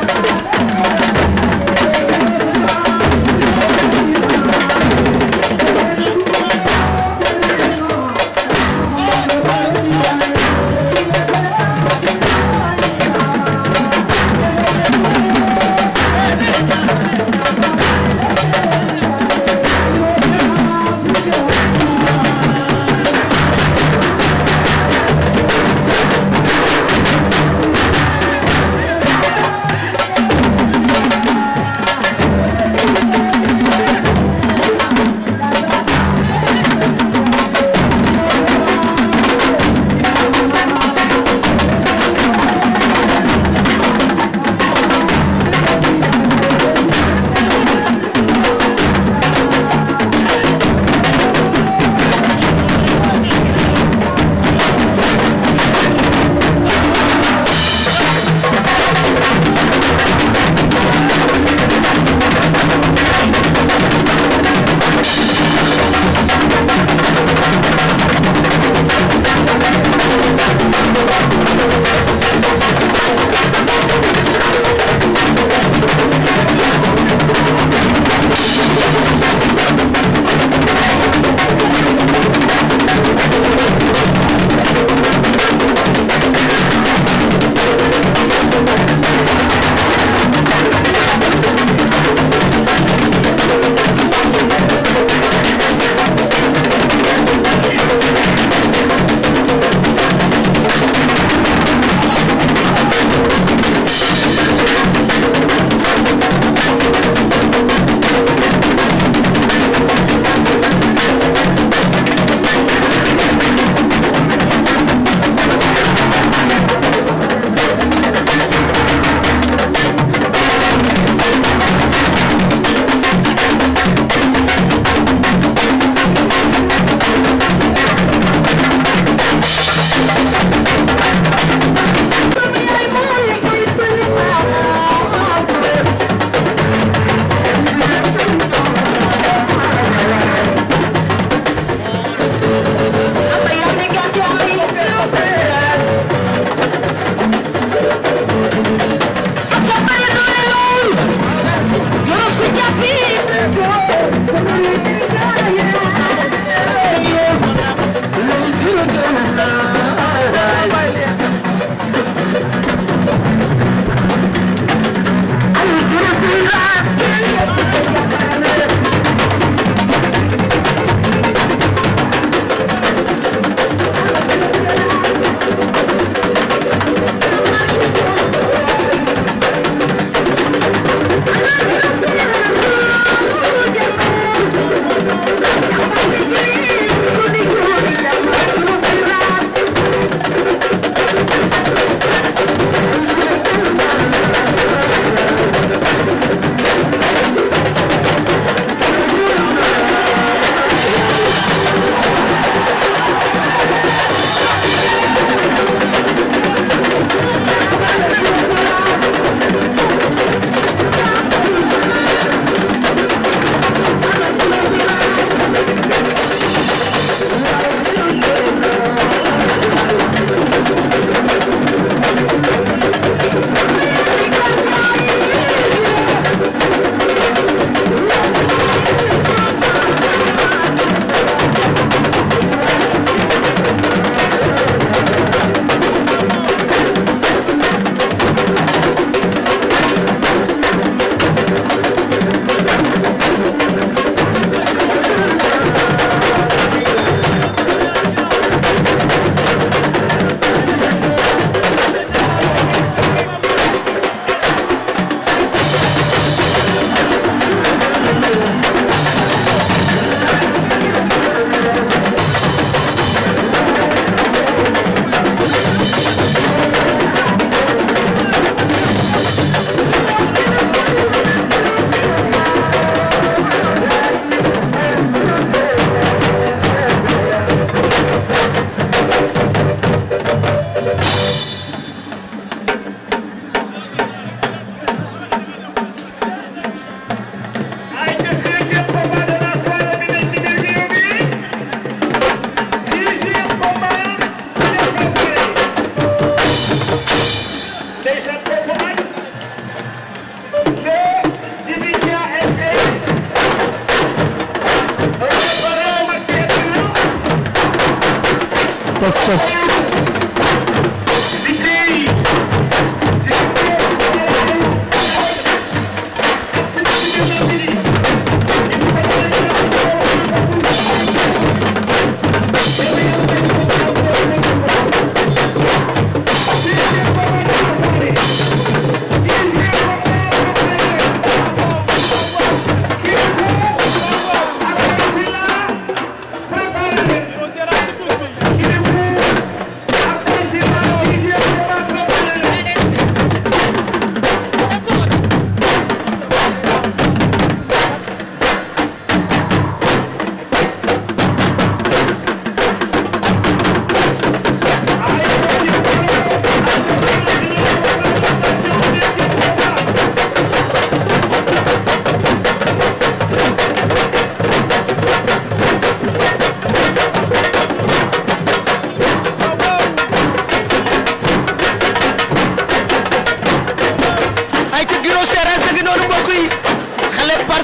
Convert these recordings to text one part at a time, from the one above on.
Thank you.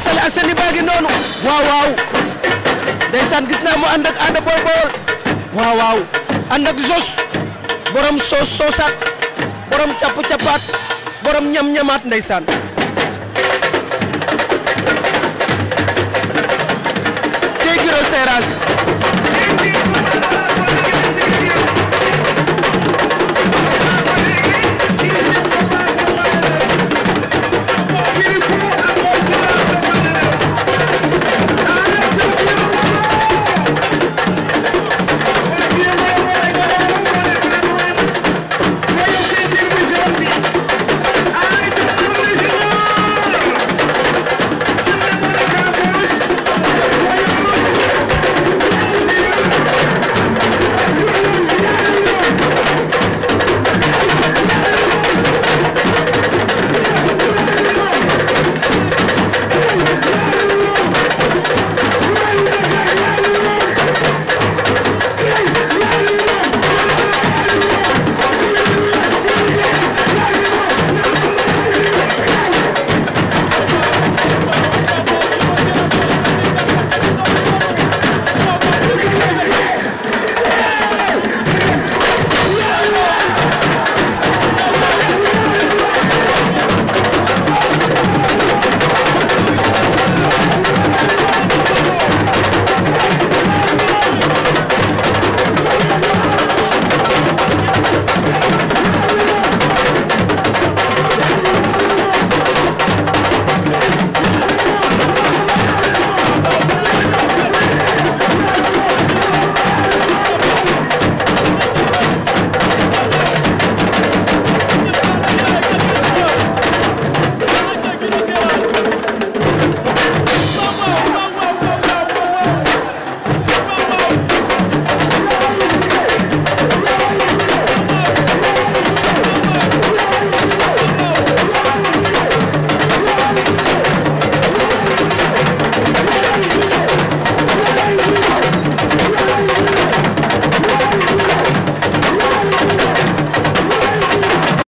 Parcelles Assainies baa ngi noonu waaw waaw ndeysaan gis naa mu ànd ak ànd booy bool waaw waaw ànd ak borom soos soosaat borom capp cappaat borom ñam ñamaat ndeysaan